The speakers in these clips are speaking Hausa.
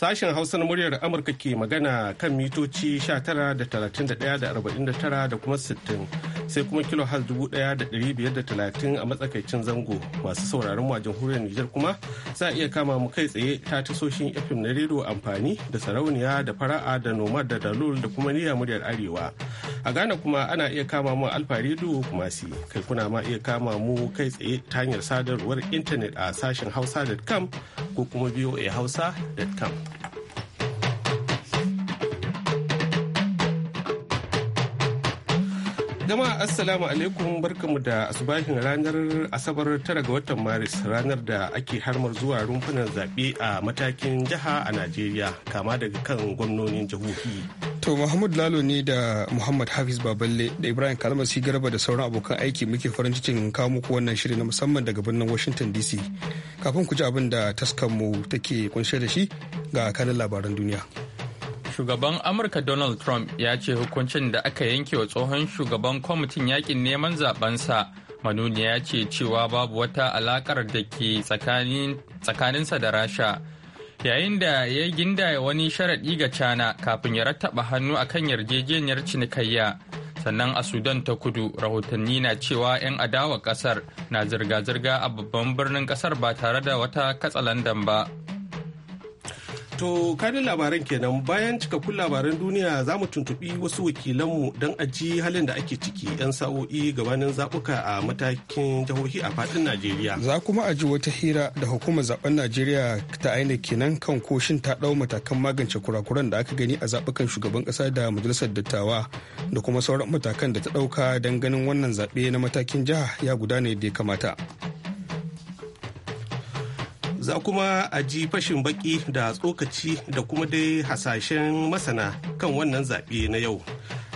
Sashen Hausa na muryar Amurka ke magana kan mitoci 19 da 31 da 49 da kuma 60 sai kuma kilo hal 1530 a matsakaicin zango masu sauraron wajen a Nijar kuma za a iya kama mu kai tsaye ta tasoshin FM na rediyo amfani da sarauniya da fara'a da noma da dalol da kuma niyya muryar arewa. A Ghana kuma ana iya kama mu alfa rediyo kuma si kai kuna ma iya kama mu kai tsaye ta hanyar sadarwar intanet a sashen hausa.com ko kuma voahausa.com. Jama'a Assalamu alaikum barkamu da asubahin ranar Asabar tara ga watan Maris ranar da ake harmar zuwa rumfunan zaɓe a matakin jiha a Najeriya kama daga kan gwamnonin jihohi. To Muhammad Lalo ne da Muhammad Hafiz Baballe da Ibrahim Kalmasi Garba da sauran abokan aiki muke farin cikin kawo muku wannan shiri na musamman daga birnin Washington DC. Kafin ku ji abin da mu take kunshe da shi ga kanin labaran duniya. shugaban amurka donald trump ya ce hukuncin da aka yanke wa tsohon shugaban kwamitin yakin neman zabensa manuniya ya ce cewa babu wata alakar da ke tsakaninsa da rasha yayin da ya gindaya wani sharaɗi ga cana kafin ya rattaba hannu a kan yarjejeniyar cinikayya sannan a sudan ta kudu rahotanni na cewa 'yan adawa kasar na zirga-zirga a babban birnin kasar ba tare da wata katsalandan ba To kanin labaran kenan bayan cikakkun labaran duniya za mu tuntuɓi wasu wakilanmu don aji halin da ake ciki 'yan sa'o'i gabanin zaɓuka a matakin jihohi a faɗin Najeriya. Za kuma aji wata hira da hukumar zaben Najeriya ta aina kenan kan koshin ta ɗau matakan magance kurakuran da aka gani a zaɓukan shugaban ƙasa da majalisar dattawa da kuma sauran matakan da ta ɗauka don ganin wannan zaɓe na matakin jiha ya gudana yadda ya kamata. za kuma a ji fashin baki da tsokaci da kuma dai hasashen masana kan wannan zaɓe na yau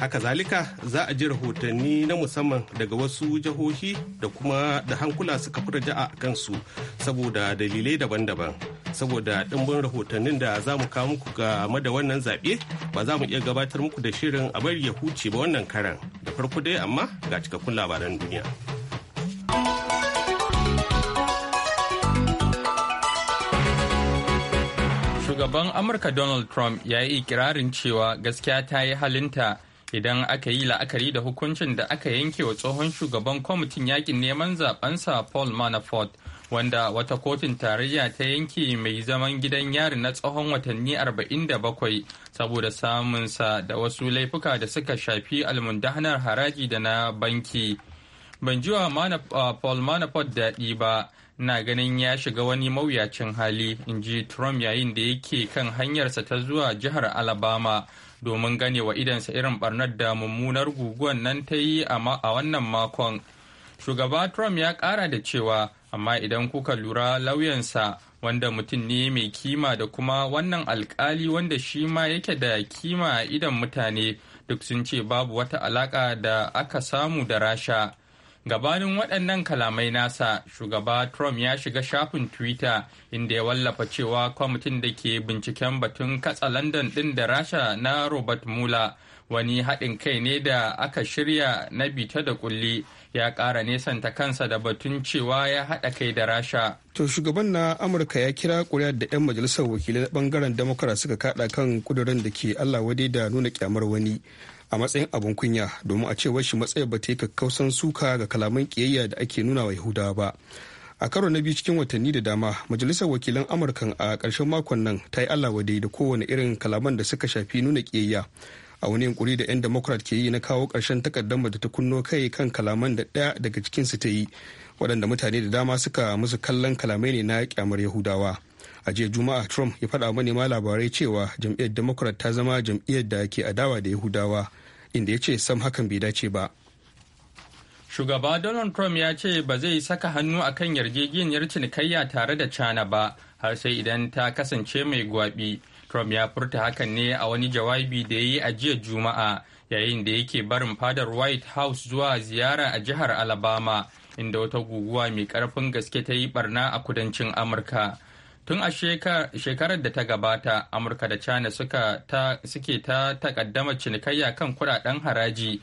haka zalika za a ji rahotanni na musamman daga wasu jihohi da kuma da hankula suka fi raja'a a kansu saboda dalilai daban-daban saboda ɗimbin rahotannin da za mu kawo muku game da wannan zaɓe ba za mu iya gabatar muku da shirin a bar ya huce ba wannan karan da farko dai amma ga cikakkun labaran duniya. Shugaban Amurka Donald Trump ya yi ikirarin cewa gaskiya ta yi halinta idan aka yi la'akari da hukuncin da aka yanke wa tsohon shugaban kwamitin yakin neman zabensa Paul Manafort wanda wata kotun tarayya ta yanke mai zaman gidan yari na tsawon watanni 47 saboda samunsa da wasu laifuka da suka shafi almundahanar haraji da na banki. Ban jiwa uh, Paul Manafort daɗi ba. na ganin ya shiga wani mawuyacin hali in ji trump yayin da yake kan hanyarsa ta zuwa jihar alabama domin gane wa idansa irin barnar da mummunar guguwan nan ta yi a wannan makon shugaba trump ya kara da cewa amma idan kuka lura lauyansa wanda mutum ne mai kima da kuma wannan alkali wanda shi ma yake da kima idan mutane duk sun ce babu wata alaka da aka samu da rasha gabanin waɗannan kalamai nasa shugaba trump ya shiga shafin twitter inda ya wallafa cewa kwamitin da ke binciken batun katsa london ɗin da rasha na robert mueller wani haɗin kai ne da aka shirya na bita da kulli ya ƙara nesanta kansa da batun cewa ya haɗa kai da rasha. To shugaban na Amurka ya kira kuri'a da 'yan majalisar wakilai na bangaren Democrat suka kaɗa kan ƙudurin da ke Allah wade da nuna kyamar wani. a matsayin abin kunya domin a cewar shi matsayar ba ta yi kakkausan suka ga kalaman kiyayya da ake nuna wa yahudawa ba a karo na biyu cikin watanni da dama majalisar wakilan amurkan a ƙarshen makon nan ta yi allah wadai da kowane irin kalaman da suka shafi nuna kiyayya a wani yunkuri da 'yan democrat ke yi na kawo ƙarshen takardar da ta kunno kai kan kalaman da ɗaya daga cikin su ta yi waɗanda mutane da dama suka musu kallon kalamai ne na kyamar yahudawa a jiya juma'a trump ya faɗa manema labarai cewa jam'iyyar democrat ta zama jam'iyyar da ke adawa da yahudawa inda ya ce sam hakan bai dace ba shugaba donald trump ya ce ba zai saka hannu a kan yarjejeniyar cinikayya tare da china ba har sai idan ta kasance mai gwabi trump ya furta hakan ne a wani jawabi da ya yi a jiya juma'a yayin da yake barin fadar white house zuwa ziyara a jihar alabama inda wata guguwa mai karfin gaske ta yi barna a kudancin amurka Tun a shekarar da ta gabata, Amurka da China suka ta, suke ta takaddama cinikayya kan kudaden haraji.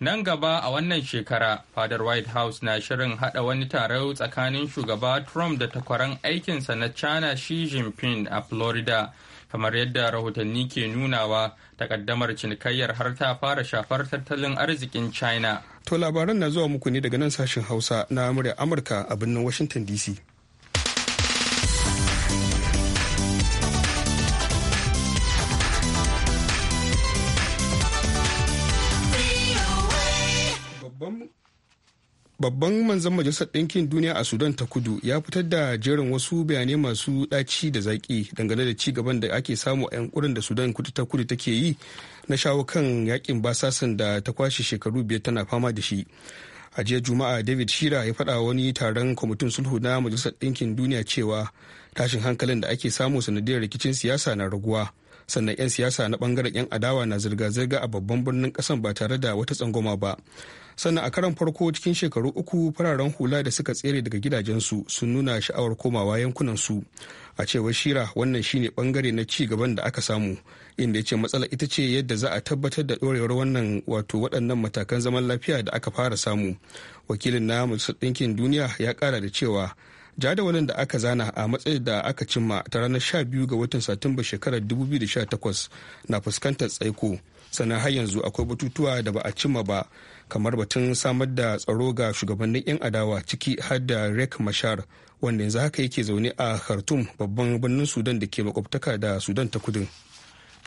Nan gaba a wannan shekara, fadar White House na shirin hada wani taro tsakanin shugaba Trump da takwaran aikinsa na China Xi Jinping a Florida. Kamar yadda rahotanni ke nunawa, takaddamar cinikayyar har ta fara shafar tattalin arzikin China. To labaran na zuwa muku ne daga nan sashen Hausa na Amurka a birnin Washington DC. babban manzan majalisar ɗinkin duniya a sudan ta kudu ya fitar da jerin wasu bayanai masu ɗaci da zaƙi dangane da ci gaban da ake samu a yankunan da sudan kudu ta kudu take yi na shawo kan yakin basasan da ta kwashe shekaru biyar tana fama da shi a jiya juma'a david shira ya faɗa wani taron kwamitin sulhu na majalisar ɗinkin duniya cewa tashin hankalin da ake samu sanadiyar rikicin siyasa na raguwa sannan 'yan siyasa na bangaren 'yan adawa na zirga-zirga a babban birnin kasan ba tare da wata tsangwama ba sannan a karan farko cikin shekaru uku fararen hula da suka tsere daga gidajensu sun nuna sha'awar komawa yankunansu a cewar shira wannan shine bangare na ci gaban da aka samu inda ya ce matsala ita ce yadda za a tabbatar da ɗorewar wannan wato waɗannan matakan zaman lafiya da aka fara samu wakilin na majalisar ɗinkin duniya ya kara da cewa jadawalin da aka zana a matsayin da aka cimma ta ranar sha biyu ga watan satumba shekarar 2018 na fuskantar tsaiko sannan har yanzu akwai batutuwa da ba a cimma ba kamar batun samar da tsaro ga shugabannin 'yan adawa ciki har da rek mashar wanda yanzu haka yake zaune a khartoum babban birnin sudan da ke makwabtaka da sudan ta kudin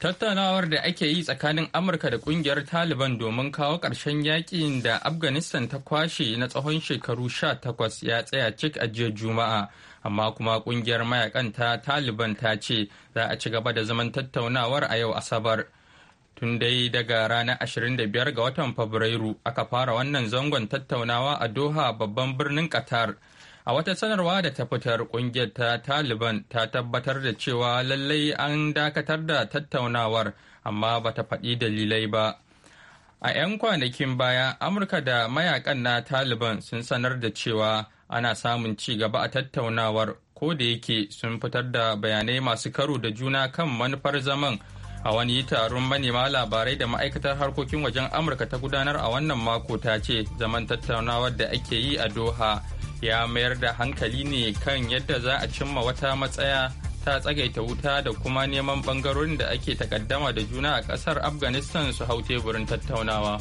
tattaunawar da ake yi tsakanin amurka da kungiyar taliban domin kawo ƙarshen yakin da afghanistan ta kwashe na tsawon shekaru 18 ya tsaya cik a jiya juma'a amma kuma kungiyar mayakan ta taliban ta ce za a ci gaba da zaman tattaunawar a yau asabar Tun dai daga ranar 25 ga watan Fabrairu aka fara wannan zangon tattaunawa a Doha babban birnin Qatar. A wata sanarwa da ta fitar kungiyar ta Taliban ta tabbatar da cewa lallai an dakatar da tattaunawar amma bata faɗi dalilai ba. A 'yan kwanakin baya, Amurka da mayakan na Taliban sun sanar da cewa ana samun ci gaba a tattaunawar ko da yake sun fitar da bayanai masu karo da juna kan manufar zaman a wani taron manema labarai da ma'aikatar harkokin wajen amurka ta gudanar a wannan mako ta ce zaman tattaunawar da ake yi a doha ya mayar da hankali ne kan yadda za a cimma wata matsaya ta tsagaita wuta da kuma neman bangarorin da ake takaddama da juna a kasar afghanistan su hau teburin tattaunawa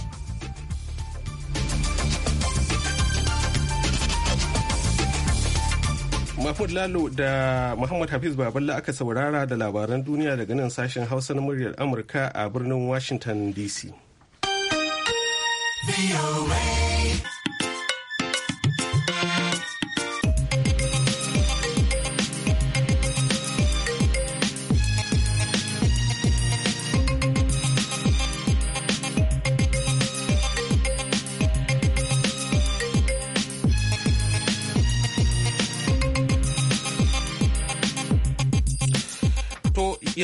Mahmud Lalo da Muhammad Hafiz Baballa aka saurara da labaran duniya daga nan sashen Hausa na muryar Amurka a birnin Washington DC.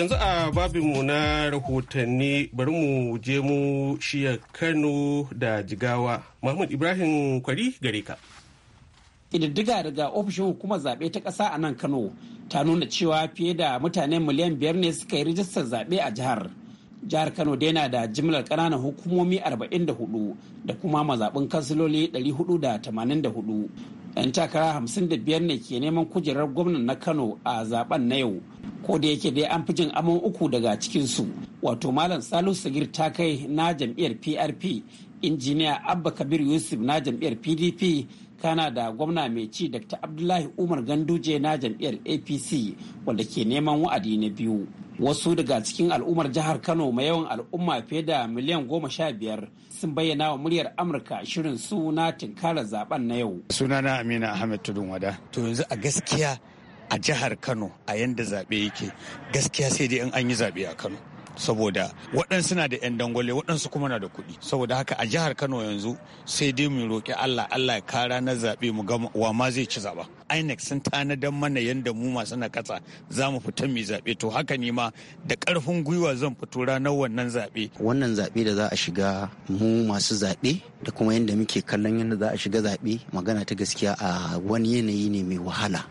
yanzu a babinmu na rahotanni bari mu je mu shiya Kano da Jigawa. Mahmud Ibrahim Kwari gare ka. Ƙididdiga daga ofishin hukumar zaɓe ta ƙasa a nan Kano ta nuna cewa fiye da mutane miliyan biyar ne suka yi rijistar zaɓe a jihar. Jihar Kano dai na da jimlar ƙananan hukumomi 44 da kuma mazaɓin kansiloli 484 'yan takara hamsin da biyar ne ke neman kujerar gwamnan na kano a zaben na yau ko da yake dai an fi jin amon uku daga cikinsu wato malam salisu sagir ta kai na jam'iyyar prp injiniya abba kabir yusuf na jam'iyyar pdp tana da gwamna mai ci dr abdullahi umar ganduje na jam'iyyar apc wanda ke neman wa'adi na biyu wasu daga cikin al'ummar jihar kano mai yawan al'umma fiye da miliyan goma sha biyar sun bayyana wa muryar amurka shirin su na tinkarar zaben na yau sunana amina ahmed tudun wada to yanzu a gaskiya a jihar kano a yanda zaɓe yake gaskiya sai dai in an yi zaɓe a kano saboda waɗansu suna da 'yan dangwale waɗansu kuma na da kuɗi saboda haka a jihar kano yanzu sai dai mu roƙi allah allah ya kara na zaɓe mu ga wa ma zai ci zaɓa inec sun tanadar mana yadda mu masu na ƙasa za mu fita mai zaɓe to haka ne ma da ƙarfin gwiwa zan fito ranar wannan zaɓe wannan zaɓe da za a shiga mu masu zaɓe da kuma yadda muke kallon yadda za a shiga zaɓe magana ta gaskiya a wani yanayi ne mai wahala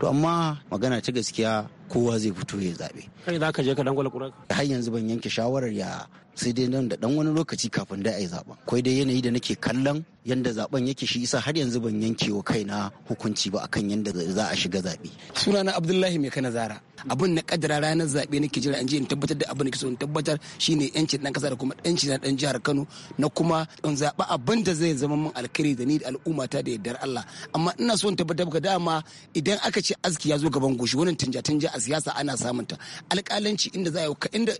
to amma magana ta gaskiya kowa zai fito ya zaɓe. Kai za ka je ka dangwala ƙura? Har yanzu ban yanke shawarar ya sai dai nan da ɗan wani lokaci kafin da a yi zaɓen. Kwai dai yanayi da nake kallon yanda zaɓen yake shi isa har yanzu ban yanke wa na hukunci ba akan yanda za a shiga zaɓe. Sunana Abdullahi Mai Kana Zara. Abin na kaddara ranar zaɓe nake jira in je in tabbatar da abin da ke so in tabbatar shine yancin ɗan ƙasa da kuma yanci na ɗan jihar Kano na kuma in zaɓa abin da zai zama min alkhairi da ni da al'ummata da yardar Allah. Amma ina so in tabbatar dama idan aka ce aski ya zo gaban goshi wani tanja-tanja a siyasa ana samun ta alƙalanci inda za inda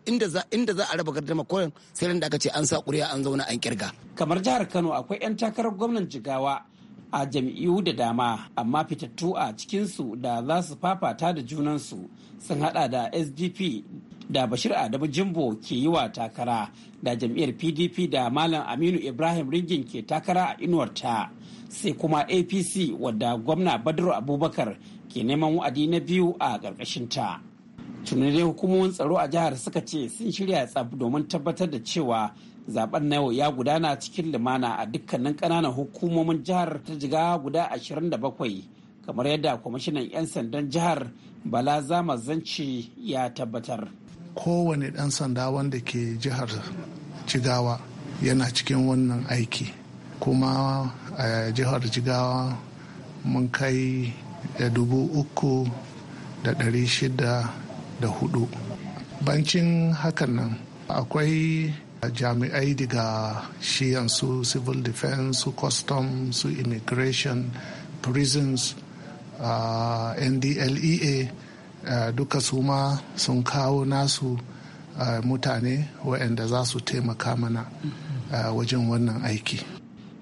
inda za a raba gardama koren sai ran da aka ce an sa ƙuri'a an zauna an kirga kamar jihar Kano akwai 'yan takarar gwamnan Jigawa a jam'iyyu da dama amma fitattu a cikinsu da za su fafata da junan su sun hada da sdp da bashir adamu jimbo ke yi wa takara da jam'iyyar pdp da malam aminu ibrahim ringin ke takara a inuwar ta sai kuma apc wadda gwamna badru abubakar ke neman wa'adi na biyu a ƙarƙashinta. Tuni dai hukumomin tsaro a jihar suka ce sun shirya tsab domin tabbatar da cewa zaben na yau ya gudana cikin lumana a dukkanin ƙananan hukumomin jihar ta jiga guda 27 kamar yadda kwamishinan 'yan sandan jihar bala zama zanci ya tabbatar kowane ɗan sanda wanda ke jihar jigawa yana cikin wannan aiki kuma a jihar jigawa mun kai da dubu uku da ɗari shida da hudu bancin hakan nan akwai jami'ai daga shiyan su civil defense su custom su immigration prisons uh, ah, ndlea uh, ah, duka su ma sun kawo nasu uh, mutane waɗanda za su taimaka mana uh, wajen wannan aiki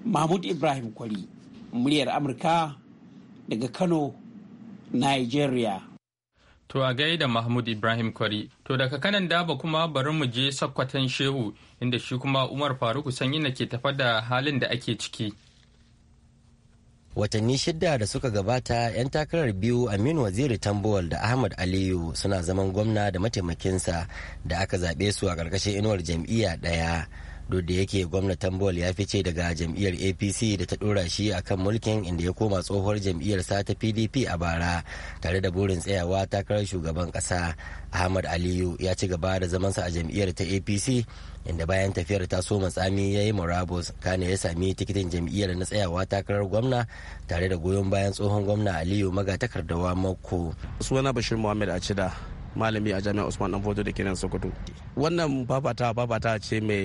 mahmud ibrahim kwari muryar amurka daga Kano, Nigeria. To a da Mahmud Ibrahim Kwari, to daga kanan daba kuma bari mu je sakkwatan shehu inda shi kuma Umar Faruku Sanyi na ke tafa da halin da ake ciki. watanni shidda da suka gabata 'yan takarar biyu aminu waziri tambuwal da ahmad aliyu suna zaman gwamna da mataimakinsa da aka zaɓe su a ƙarƙashin inuwar jam'iyya ɗaya duk da yake gwamnatin bol ya fice daga jam'iyyar apc da ta dora shi a kan mulkin inda ya koma tsohuwar jam'iyyar sata pdp a bara tare da burin tsayawa takarar shugaban kasa ahmad aliyu ya ci gaba da zamansa a jam'iyyar ta apc inda bayan tafiyar ta so matsami ya yi murabus kane ya sami tikitin jam'iyyar na tsayawa takarar gwamna tare da goyon bayan tsohon gwamna aliyu wa mako suna bashir muhammad cida. malami a jami'ar usman dan fodo da kenan sokoto wannan babata babata ce mai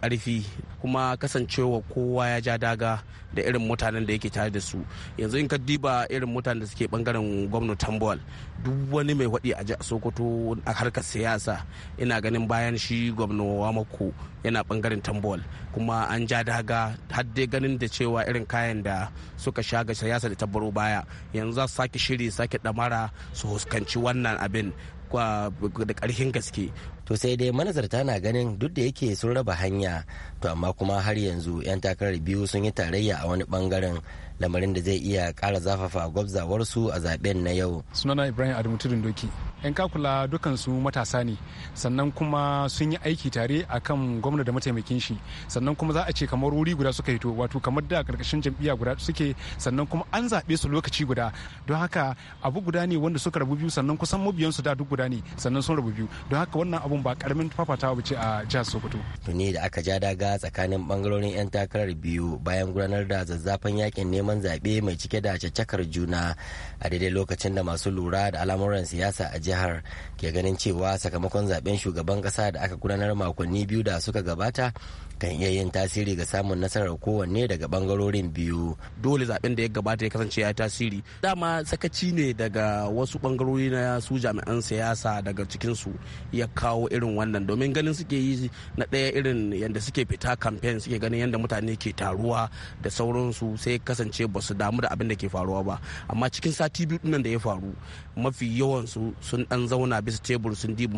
karfi kuma kasancewa kowa ya ja daga da irin mutanen da yake tare da su yanzu in ka diba irin mutanen da suke bangaren gwamnatin bol duk wani mai waɗi a sokoto a harkar siyasa ina ganin bayan shi gwamna wamako yana bangaren tambol kuma an ja daga har dai ganin da cewa irin kayan da suka sha ga siyasa da tabbaro baya yanzu za su sake shiri sake damara su huskanci wannan abin da karfin gaske to sai dai manazarta na ganin duk da yake sun raba hanya to amma kuma har yanzu 'yan takarar biyu sun yi tarayya a wani bangaren lamarin da zai iya kara zafafa gwabzawarsu a zaben na yau sunana ibrahim adamu tudun doki yan kakula dukansu matasa ne sannan kuma sun yi aiki tare a kan gwamna da mataimakin shi sannan kuma za a ce kamar wuri guda suka hito wato kamar da karkashin jam'iyya guda suke sannan kuma an zaɓe su lokaci guda don haka abu guda ne wanda suka rabu biyu sannan kusan mabiyansu da duk guda ne sannan sun rabu biyu don haka wannan abu. abun ba karamin fafatawa ba ce a jihar sokoto tuni da aka ja daga tsakanin bangarorin 'yan takarar biyu bayan gudanar da zazzafan yakin neman zaɓe mai cike da caccakar juna a daidai lokacin da masu lura da al'amuran siyasa a jihar ke ganin cewa sakamakon zaben shugaban ƙasa da aka gudanar makonni biyu da suka gabata kan iya yin tasiri ga samun nasarar kowanne daga bangarorin biyu dole zaben da ya gabata ya kasance ya yi tasiri dama sakaci ne daga wasu bangarori na su jami'an siyasa daga cikinsu ya kawo irin wannan domin ganin suke yi na ɗaya irin yadda suke fita kamfen suke ganin yadda mutane ke taruwa da sauransu sai kasance ba su damu da abin da ke faruwa ba amma cikin sati biyu nan da ya faru mafi yawansu sun dan zauna bisa tebur sun dibi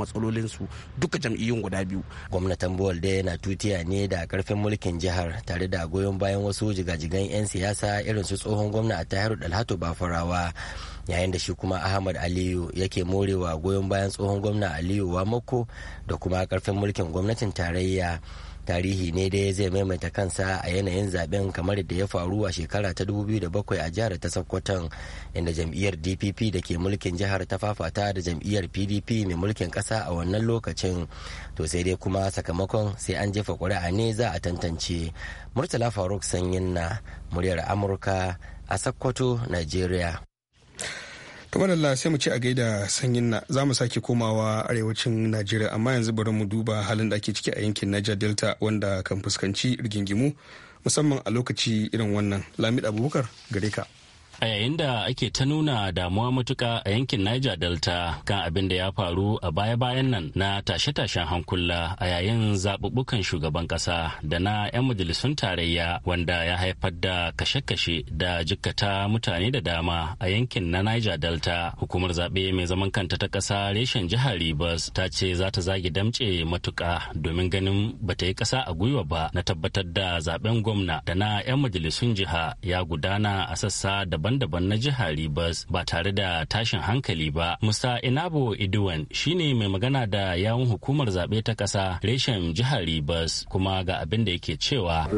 su duka jam'iyyun guda biyu gwamnatin bol da yana tutiya ne da karfin mulkin jihar tare da goyon bayan wasu jigajigan 'yan siyasa irin su tsohon gwamna a tahiru dalhatu bafarawa yayin da shi kuma ahmad aliyu yake morewa goyon bayan tsohon gwamna aliyu wa mako da kuma karfin mulkin gwamnatin tarayya tarihi ne dai zai maimaita kansa a yanayin zaben kamar da ya faru a shekara ta 2007 a jihar ta sokoton inda jam'iyyar dpp da ke mulkin jihar ta fafata da jam'iyyar pdp mai mulkin kasa a wannan lokacin to sai dai kuma sakamakon sai an jefa kuri'a ne za a tantance murtala faruk sanyin na muryar amurka a sokoto nigeria To madalla sai mu ce a gaida sanyin na za mu sake komawa arewacin Najeriya amma yanzu bari mu duba halin da ake ciki a yankin Niger Delta wanda kan fuskanci rigingimu musamman a lokaci irin wannan Lamid Abubakar gare ka. a yayin da ake ta nuna damuwa matuka a yankin niger delta kan abin da ya faru a baya-bayan nan na tashe-tashen hankula a yayin zaɓuɓɓukan shugaban ƙasa da na 'yan majalisun tarayya wanda ya haifar da kashe-kashe da jikkata mutane da dama a yankin na niger delta hukumar zaɓe mai zaman kanta ta ƙasa reshen jihar rivers ta ce za ta zagi damce matuka domin ganin ba ta yi ƙasa a gwiwa ba na tabbatar da zaben gwamna da na 'yan majalisun jiha ya gudana a sassa daban daban-daban na jihar Ribas ba tare da tashin hankali ba. Musa Inabo Iduwan shine mai magana da yawun hukumar zaɓe ta ƙasa reshen jihar Ribas kuma ga abin da yake cewa.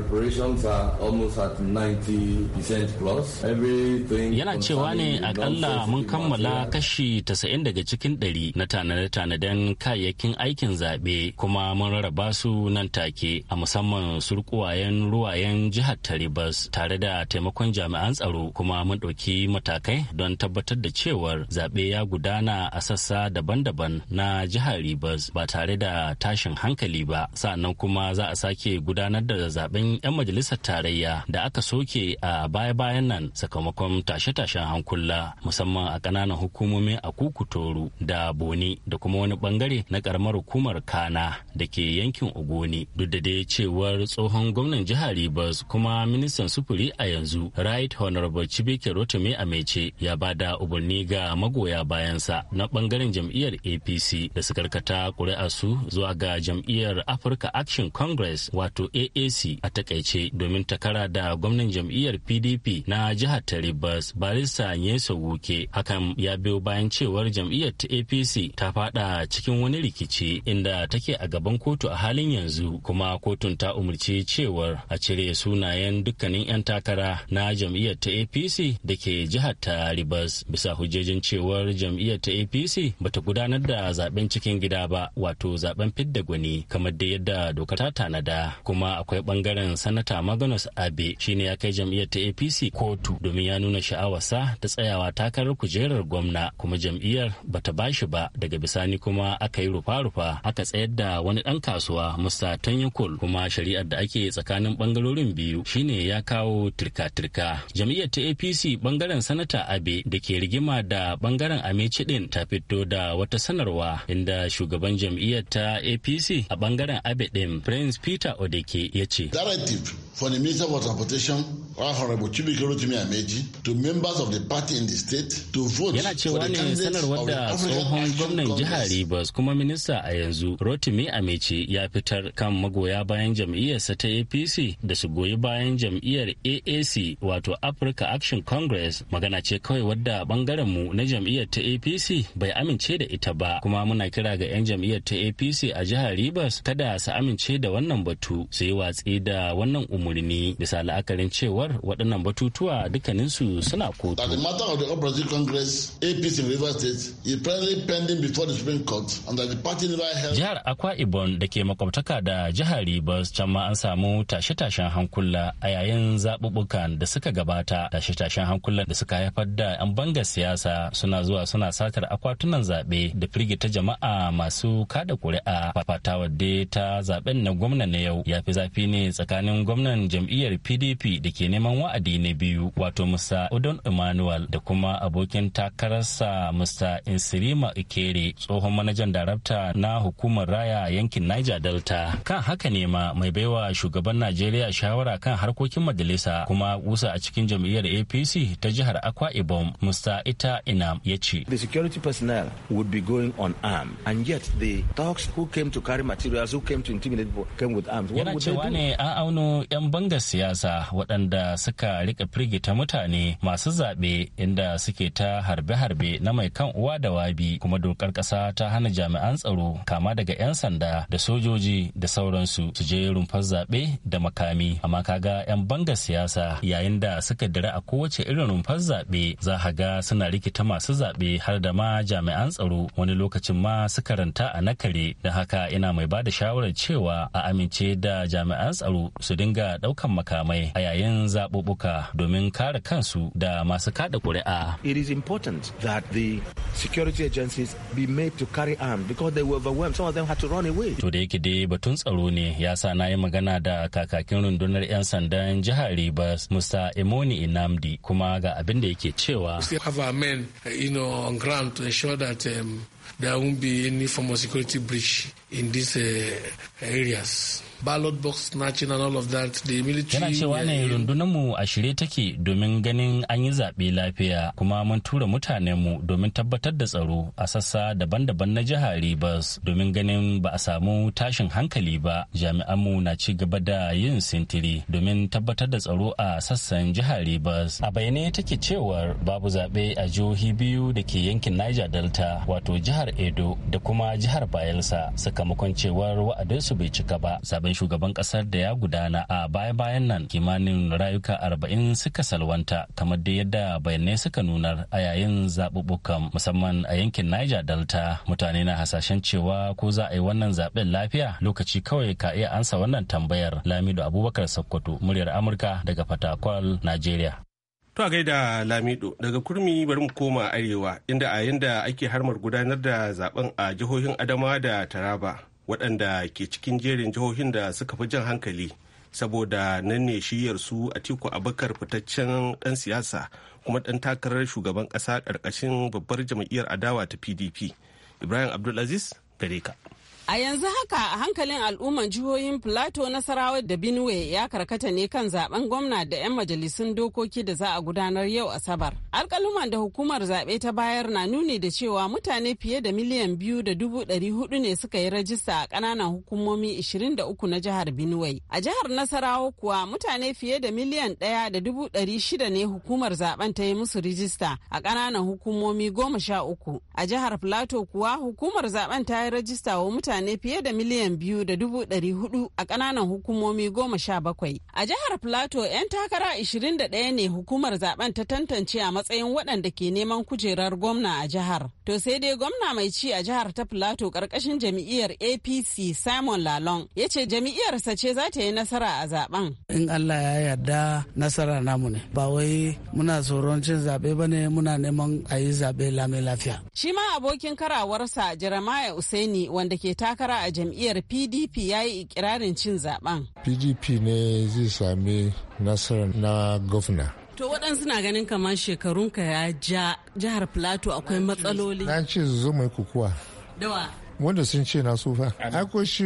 Yana cewa ne akalla mun kammala kashi 90 daga cikin 100 na tanade-tanaden kayayyakin aikin zaɓe kuma mun rarraba su nan take a musamman surkuwayen ruwayen jihar Taribas tare da taimakon jami'an tsaro kuma mun mun ɗauki matakai don tabbatar da cewar zaɓe ya gudana a sassa daban-daban na jihar Ribas ba tare da tashin hankali ba sa'annan kuma za a sake gudanar da zaɓen 'yan majalisar tarayya da aka soke a baya-bayan nan sakamakon tashe-tashen hankula musamman a ƙananan hukumomin a kukutoru da boni da kuma wani ɓangare na ƙaramar hukumar kana da ke yankin ogoni duk da dai cewar tsohon gwamnan jihar Ribas kuma ministan sufuri a yanzu right honorable chibik yake rotumi a mece ya bada da umarni ga magoya bayansa na bangaren jam'iyyar apc da su karkata su zuwa ga jam'iyyar africa action congress wato aac a takaice domin takara da gwamnan jam'iyyar pdp na jihar taribas barista nyeso wuke hakan ya biyo bayan cewar jam'iyyar ta apc ta fada cikin wani rikici inda take a gaban kotu a halin yanzu kuma kotun ta umarci cewar a cire sunayen dukkanin 'yan takara na jam'iyyar ta apc da ke jihar ta Rivers bisa hujjejin cewar jam'iyyar ta APC bata gudanar da zaben cikin gida ba wato zaben fidda gwani kamar da yadda doka ta tanada kuma akwai bangaren sanata Magnus Abe shine ya kai jam'iyyar ta APC kotu domin ya nuna sha'awarsa ta tsayawa takarar kujerar gwamna kuma jam'iyyar bata bashi ba daga bisani kuma aka yi rufa-rufa aka tsayar da wani dan kasuwa Musa Tanyakul kuma shari'ar da ake tsakanin bangarorin biyu shine ya kawo turka-turka jam'iyyar ta APC nashi bangaren sanata abe da ke rigima da bangaren Amici din ta fito da wata sanarwa inda shugaban jam'iyyar ta apc a bangaren abe din prince peter odeke ya ce for the Minister of the party in Yana cewa ne sanarwar da tsohon gwamnan jihar Rivers kuma minista a yanzu Rotimi Amici, ya fitar kan magoya bayan jam'iyyarsa ta APC da su goyi bayan jam'iyyar AAC wato Africa Action Congress magana ce kawai wadda bangaren mu na jam'iyyar ta APC bai amince da ita ba kuma muna kira ga 'yan jam'iyyar ta APC a jihar Rivers kada su amince da wannan batu su yi watsi da wannan umarni bisa la'akarin cewar waɗannan batutuwa dukkaninsu suna kotu. the matter Congress APC in Rivers State is presently pending before the the party Jihar Akwa Ibom da ke makwabtaka da jihar Rivers can ma an samu tashe-tashen hankula a yayin zaɓuɓɓukan da suka gabata tashe-tashen tashe hankulan da suka haifar da 'yan bangar siyasa suna zuwa suna satar akwatunan zaɓe da firgita jama'a masu kada kuri'a fafatawar da ta zaben na gwamna na yau ya fi zafi ne tsakanin gwamnan jam'iyyar pdp da ke neman wa'adi na biyu wato musa udon emmanuel da kuma abokin takararsa musa insirima ikere tsohon manajan darabta na hukumar raya yankin niger delta kan haka ne ma mai baiwa shugaban najeriya shawara kan harkokin majalisa kuma kusa a cikin jam'iyyar apc FCC ta jihar Akwa Ibom Musa Ita Inam ya ce. The security personnel would be going on arm and yet the thugs who came to carry materials who came to intimidate people came with arms. Yana cewa ne an auno 'yan banga siyasa waɗanda suka rika firgita mutane masu zaɓe inda suke ta harbe-harbe na mai kan uwa da wabi kuma dokar ƙasa ta hana jami'an tsaro kama daga 'yan sanda da sojoji da sauransu su je rumfar zaɓe da makami amma kaga 'yan banga siyasa yayin da suka dira a kowace irin rumfar zaɓe za a ga suna rikita masu zaɓe har da ma jami'an tsaro wani lokacin ma su karanta a nakare da haka ina mai ba da shawarar cewa a amince da jami'an tsaro su dinga ɗaukan makamai a yayin zaɓuɓɓuka domin kare kansu da masu kaɗa ƙuri'a. It is important that the security agencies be made to carry arms because they were overwhelmed. Some of them had to run away. To da yake dai batun tsaro ne ya sa na yi magana da kakakin rundunar 'yan sandan jihar Rivers Musa Emoni Inamdi kuma ga abin da yake cewa There won't be any form of security breach in these uh, areas. ballot box snatching and all of that the military yana cewa ne rundunar mu a shirye take domin ganin an yi zaɓe lafiya kuma mun tura mutanenmu domin tabbatar da tsaro a sassa daban-daban na jihar Rivers domin ganin ba a samu tashin hankali ba Jami'anmu na ci gaba da yin sintiri domin tabbatar da tsaro a sassan jihar Rivers a bayyane take cewar babu zaɓe a jihohi biyu da ke yankin Niger Delta wato jihar Edo da kuma jihar Bayelsa sakamakon cewar wa'adinsu bai cika ba zaben shugaban kasar da ya gudana a baya-bayan nan kimanin rayuka arba'in suka salwanta kamar da yadda bayanai suka nunar a yayin zaɓuɓɓukan musamman a yankin niger delta mutane na hasashen cewa ko za a yi wannan zaben lafiya lokaci kawai ka iya ansa wannan tambayar lamido abubakar sokoto muryar amurka daga fatakwal nigeria To a gaida Lamido daga kurmi bari mu koma arewa inda a yanda ake harmar gudanar da zaben a jihohin Adamawa da Taraba. waɗanda ke cikin jerin jihohin da suka fi jan hankali saboda nan ne shiyarsu a tiku abakar fitaccen ɗan siyasa kuma ɗan takarar shugaban ƙasa ƙarƙashin babbar jam'iyyar adawa ta pdp ibrahim abdulaziz gare ka. A yanzu haka hankalin al'umman jihohin Plateau Nasarawa da Benue ya karkata ne kan zaben gwamna da 'yan majalisun dokoki da za a gudanar yau Asabar. Alkaluman da hukumar zaɓe ta bayar na nuni da cewa mutane fiye da miliyan biyu da dubu ɗari hudu ne suka yi rajista a ƙananan hukumomi 23 na jihar Benue. A jihar Nasarawa kuwa mutane fiye da miliyan ɗaya da dubu ɗari shida ne hukumar zaben ta yi musu rajista a ƙananan hukumomi goma sha uku. A jihar Plateau kuwa hukumar zaben ta yi rajista wa mutane mutane fiye da miliyan biyu da dubu ɗari hudu a ƙananan hukumomi goma sha bakwai. A jihar Plateau 'yan takara 21 ne hukumar zaben ta tantance a matsayin waɗanda ke neman kujerar gwamna a jihar. To sai dai gwamna mai ci a jihar ta Plateau ƙarƙashin jam'iyyar APC Simon Lalong ya ce jam'iyyarsa ce za ta yi nasara a zaben. In Allah ya yarda nasara namu ne ba wai muna tsoron cin zaɓe ba ne muna neman a yi zaɓe lami lafiya. Shi ma abokin karawarsa Jeremiah Usaini wanda ke ta. takara a jam'iyyar pdp ya yi ikirarin cin zaben pdp ne zai sami nasarar na gwamna to waɗansu na ganin kamar shekarunka ya ja jihar plateau akwai matsaloli na ce zo mai kukuwa dawa wanda sun ce na sufa aiko shi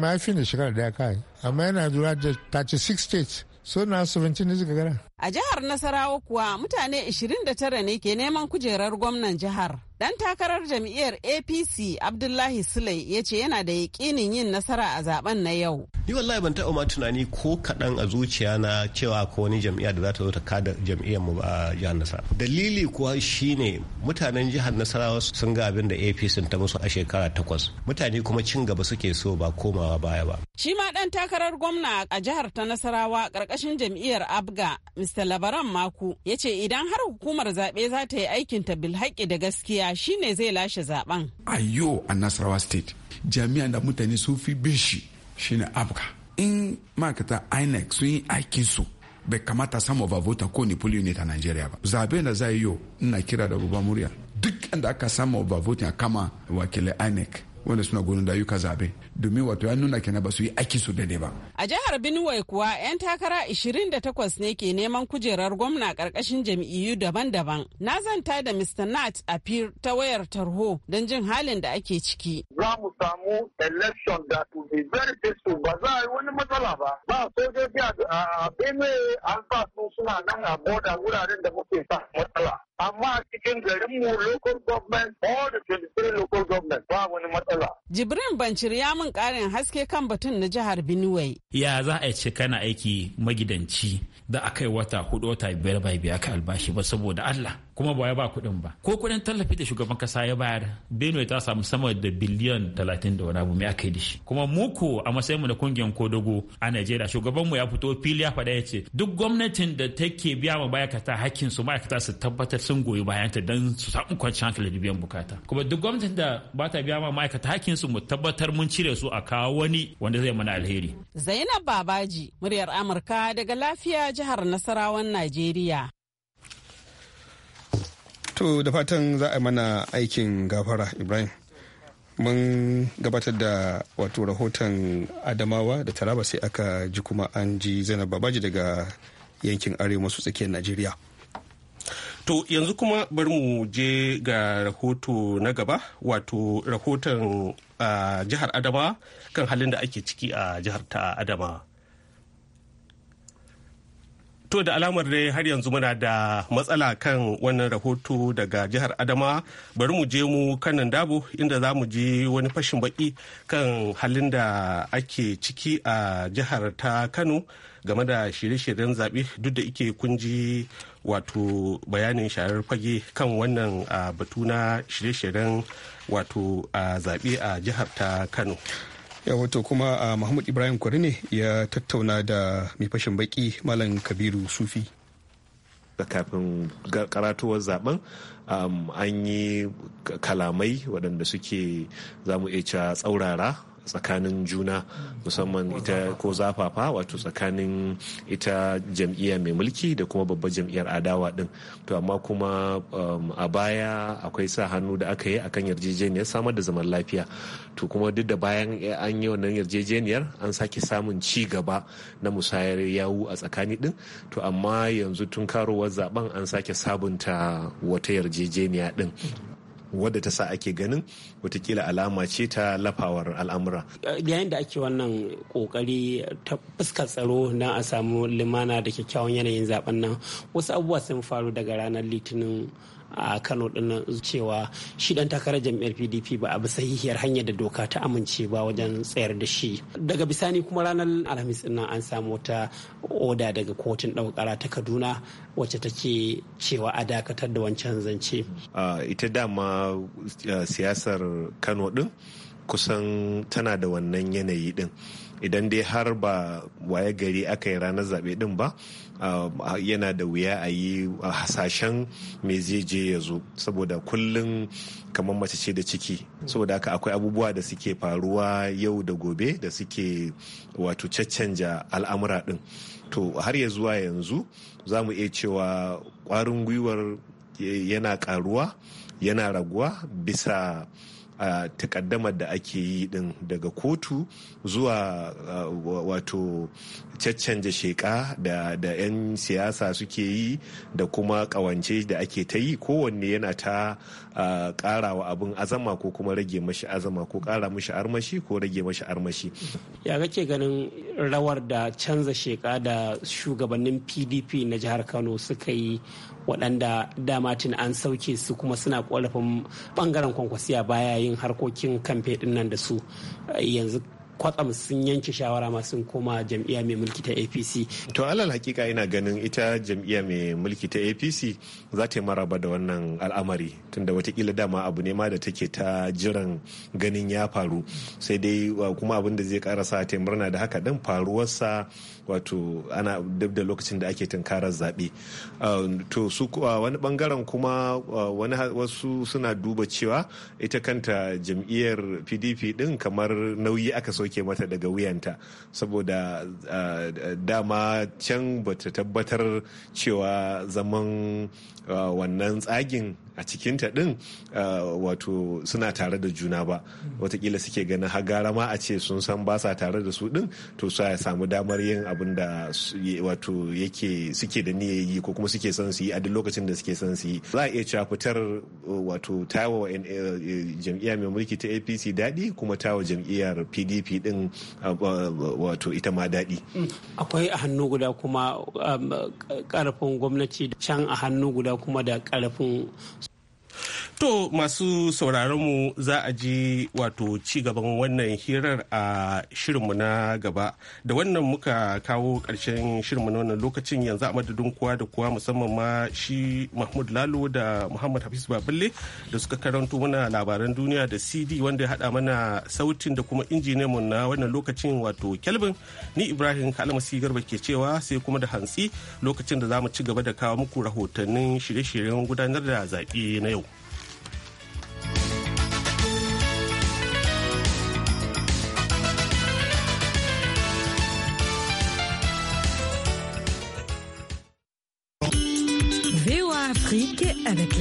mahaifin da fi da ya kai amma yana lura da 36 states so na 17 ne zika gara A jihar Nasarawa kuwa mutane 29 ne ke neman kujerar gwamnan jihar. Dan takarar jam'iyyar APC Abdullahi Sule ya ce yana da yakinin yin nasara a zaben na yau. Ni wallahi ban taɓa ma tunani ko kaɗan a zuciya na cewa ko wani jam'iyya da za ta zo ta kada jam'iyyar mu a jihar Nasarawa. Dalili kuwa shine mutanen jihar Nasarawa sun ga abin da APC ta musu a shekara takwas. Mutane kuma cin gaba suke so ba komawa baya ba. Shi ma dan takarar gwamna a jihar ta Nasarawa ƙarƙashin jam'iyyar Abga Mr. Labaran Maku ya ce idan har hukumar zaɓe za ta yi aikin ta bilhaƙi da gaskiya shine zai lashe zaɓen Ayo a Nasarawa State jami'an da mutane sun fi bin shi shine Abka. In ma'aikata INEC sun yi aikin su bai kamata sama ba vota ko ni polio unit a Nigeria ba. Zaɓe da za yi yau ina kira da babban murya. Duk da aka sama ba vota kama wakilai INEC wanda suna gudanar da zaɓe domin wato ya nuna kenan ba su yi aiki su daidai ba. A jihar Benue kuwa 'yan takara 28 ne ke neman kujerar gwamna karkashin jam'iyyu daban-daban. Na zanta da Mr. Nat Apir ta wayar tarho don jin halin da ake ciki. Za mu samu election da to be very peaceful ba za a yi wani matsala ba. Ba sojoji a Benue an sa su suna nan a boda wuraren da muke sa matsala. amma cikin garin mu local government all the 23 local government ba wani matsala. Jibrin Bancir ya min karin haske kan batun na jihar Benue. Ya za a ce kana aiki magidanci da akai wata hudu wata biyar bai biya ka albashi ba saboda Allah. kuma ba ya ba kuɗin ba ko kuɗin tallafi da shugaban kasa ya bayar benue ta samu sama da biliyan talatin da wani abu mai aka yi da kuma muku a matsayin mu na kungiyar kodogo a najeriya shugaban mu ya fito fili ya faɗa ya ce duk gwamnatin da take biya ma ma'aikata hakkin su ma'aikata su tabbatar sun goyi bayan ta don su samu kwanciyar hankali da biyan bukata kuma duk gwamnatin da ba ta biya ma ma'aikata hakkin su mu tabbatar mun cire su a kawo wani wanda zai mana alheri zainab babaji muryar amurka daga lafiya jihar nasarawan najeriya to da fatan za a mana aikin gafara ibrahim mun gabatar da wato rahoton adamawa da taraba sai aka ji kuma an ji zainab babaji daga yankin arewa masu tsakiyar najeriya To yanzu kuma bari mu je ga rahoto na gaba wato rahoton ah, jihar Adamawa kan halin da ake ciki a jihar ta Adamawa. To da alamar dai har yanzu muna da matsala kan wannan rahoto daga jihar Adama bari mu je mu nan dabo inda za mu je wani fashin baki kan halin da ake ciki a jihar ta Kano game da shirye-shiryen zaɓe duk da ike kunji wato bayanin sharar fage kan wannan ah, batu na shirye-shiryen wato ah, zaɓe a jihar ta Kano. ya wato kuma a mahmud ibrahim kwari ya tattauna da mai fashin baki malam kabiru sufi kafin karatuwar zaben an yi kalamai waɗanda suke za mu iya tsaurara tsakanin juna musamman ita ko zafafa wato tsakanin ita jam'iyya mai mulki da kuma babbar jam'iyyar adawa din to amma kuma um, a baya akwai sa hannu da aka yi akan yarjejeniyar samar da zaman lafiya to kuma duk da bayan eh, an yi wannan yarjejeniyar an sake samun ci gaba na musayar yawu a tsakani din to amma yanzu tun karowar zaben an sake sabunta wata yarjejeniya din wadda ta sa ake ganin watakila alama ce ta lafawar al'amura yayin da ake wannan kokari ta fuskar tsaro na a samu limana da kyakkyawan yanayin zaben nan wasu abubuwa sun faru daga ranar litinin a kano dinnan cewa shi dan takarar jam'iyyar pdp ba a bi sahihiyar hanyar da doka ta amince ba wajen tsayar da shi daga bisani kuma ranar alhamis dinnan an samu ta oda daga kotun ɗaukara ta kaduna wacce take cewa a dakatar da wancan zance ita dama siyasar kano din kusan tana da wannan yanayi din idan dai har ba waye gari aka yi ranar zaɓe din ba Ah, ah, yana da wuya a yi ah, hasashen me zai je ya zo saboda kullum kamar mace ce da ciki saboda haka akwai abubuwa da suke faruwa yau da gobe da suke wato caccanja al'amura din to har ya zuwa yanzu za mu iya cewa kwarin gwiwar eh, yana karuwa yana raguwa bisa a takaddamar da ake yi din daga kotu zuwa wato caccanje sheƙa da 'yan siyasa suke yi da kuma kawance da ake ta yi kowanne yana ta ƙara wa abin azama ko kuma rage mashi azama ko ƙara mashi armashi ko rage mashi armashi. Ya kake ganin rawar da canza sheka da shugabannin PDP na jihar Kano suka yi waɗanda dama tun an sauke su kuma suna ƙorafin ɓangaren kwankwasiya baya yin harkokin kamfe ɗin nan da su yanzu kwatsam sun yanke shawara ma sun koma jam'iyya mai mulki ta apc to alal hakika ina ganin ita jam'iyya mai mulki ta apc za ta yi maraba da wannan al'amari tunda watakila dama abu ne ma da take ta jiran ganin ya faru sai dai kuma abin da zai karasa sa ta murna da haka din faruwarsa wato ana duk da lokacin da ake tunkarar zaɓe um, to su uh, wani bangaren kuma uh, wani wasu suna duba cewa ita kanta jam'iyyar pdp din kamar nauyi aka soke mata daga wuyanta saboda uh, dama can bata tabbatar cewa zaman wannan tsagin a cikinta din wato suna tare da juna ba watakila suke ganin har gara ma a ce sun san ba sa tare da su din to su ya samu damar yin abin da wato yake suke da niyyar yi ko kuma suke son su yi a duk lokacin da suke son su yi za a iya cewa fitar wato tawa eh, eh, jam'iyya mai mulki ta apc daɗi kuma tawa jam'iyyar pdp ɗin wato ita ma daɗi mm. akwai a hannu guda kuma karfin um, gwamnati can a hannu guda kuma da karfin To masu mu za a ji wato ci gaban wannan hirar a shirinmu na gaba. Da wannan muka kawo ƙarshen shirinmu na wannan lokacin yanzu a madadin kowa da kowa musamman ma shi Mahmud Lalo da Muhammad Hafiz Baballe da suka karanto mana labaran duniya da CD wanda ya haɗa mana sautin da kuma injiniyanmu na wannan lokacin wato Kelvin. Ni Ibrahim Kalmasi Garba ke cewa sai kuma da hantsi lokacin da za mu ci gaba da kawo muku rahotannin shirye-shiryen gudanar da zaɓe na yau. de clase.